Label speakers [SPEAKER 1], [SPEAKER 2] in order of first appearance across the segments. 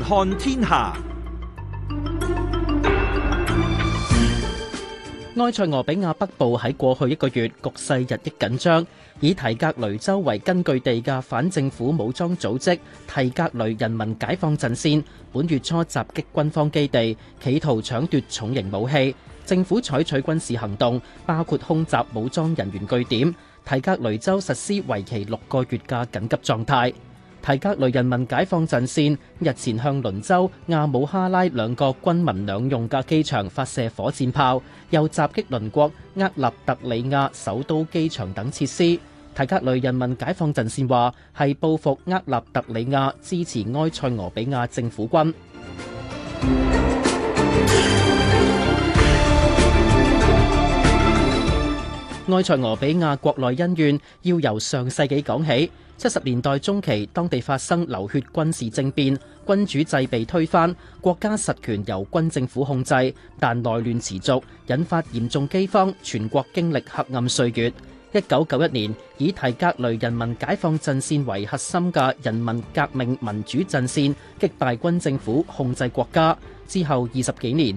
[SPEAKER 1] 看天下，埃塞俄比亞北部喺過去一個月局勢日益緊張，以提格雷州為根據地嘅反政府武裝組織提格雷人民解放陣線，本月初襲擊軍方基地，企圖搶奪重型武器。政府採取軍事行動，包括空襲武裝人員據點。提格雷州實施為期六個月嘅緊急狀態。提格雷人民解放陣線日前向鄰州阿姆哈拉兩個軍民兩用嘅機場發射火箭炮，又襲擊鄰國厄立特里亞首都機場等設施。提格雷人民解放陣線話：係報復厄立特里亞支持埃塞俄比亞政府軍。埃塞俄比亞國內恩怨要由上世紀講起，七十年代中期當地發生流血軍事政變，君主制被推翻，國家實權由軍政府控制，但內亂持續，引發嚴重饑荒，全國經歷黑暗歲月。一九九一年，以提格雷人民解放陣線為核心嘅人民革命民主陣線擊敗軍政府，控制國家。之後二十幾年。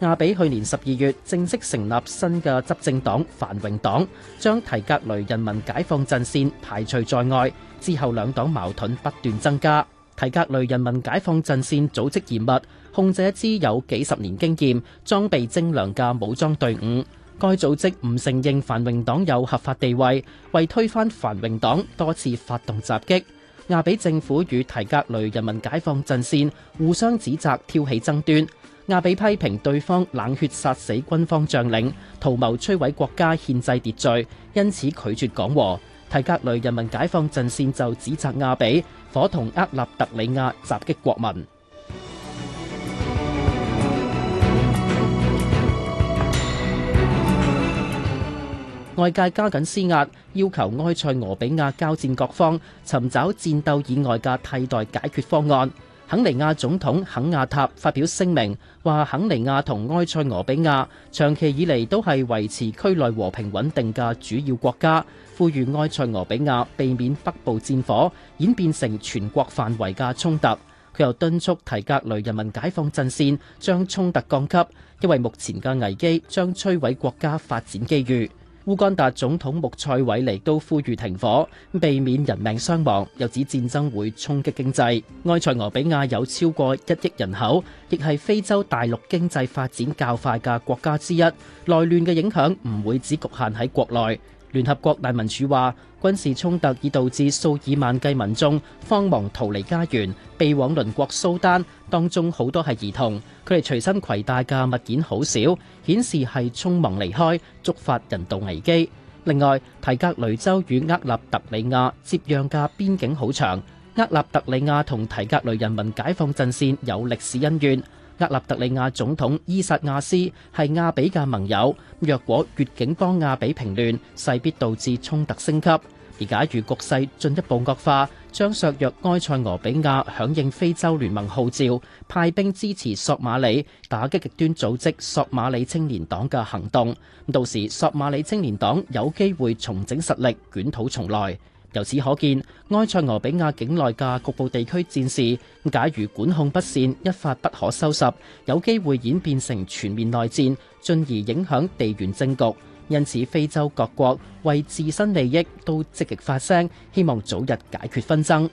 [SPEAKER 1] 亞比去年十二月正式成立新嘅執政黨繁榮黨，將提格雷人民解放陣線排除在外。之後兩黨矛盾不斷增加。提格雷人民解放陣線組織嚴密，控制一支有幾十年經驗、裝備精良嘅武裝隊伍。該組織唔承認繁榮黨有合法地位，為推翻繁榮黨，多次發動襲擊。亞比政府與提格雷人民解放陣線互相指責，挑起爭端。亞比批評對方冷血殺死軍方將領，圖謀摧毀國家憲制秩序，因此拒絕講和。提格雷人民解放陣綫就指責亞比，夥同厄立特里亞襲擊國民。外界加緊施壓，要求埃塞俄比亞交戰各方尋找戰鬥以外嘅替代解決方案。肯尼亞總統肯亞塔發表聲明，話肯尼亞同埃塞俄比亞長期以嚟都係維持區內和平穩定嘅主要國家，呼籲埃塞俄比亞避免北部戰火演變成全國範圍嘅衝突。佢又敦促提格雷人民解放陣線將衝突降級，因為目前嘅危機將摧毀國家發展機遇。烏干達總統穆塞韋尼都呼籲停火，避免人命傷亡，又指戰爭會衝擊經濟。埃塞俄比亞有超過一億人口，亦係非洲大陸經濟發展較快嘅國家之一。內亂嘅影響唔會只局限喺國內。聯合國難民署話，軍事衝突已導致數以萬計民眾慌忙逃離家園，避往鄰國蘇丹，當中好多係兒童。佢哋隨身攜帶嘅物件好少，顯示係匆忙離開，觸發人道危機。另外，提格雷州與厄立特里亞接壤嘅邊境好長，厄立特里亞同提格雷人民解放陣線有歷史恩怨。厄立特里亞總統伊薩亞斯係亞比嘅盟友，若果越境幫亞比平亂，勢必導致衝突升級。而假如局勢進一步惡化，將削弱埃塞俄比亞響應非洲聯盟號召派兵支持索馬里打擊極端組織索馬里青年黨嘅行動。到時索馬里青年黨有機會重整實力，捲土重來。由此可見，埃塞俄比亞境內嘅局部地區戰事，假如管控不善，一發不可收拾，有機會演變成全面內戰，進而影響地緣政局。因此，非洲各國為自身利益都積極發聲，希望早日解決紛爭。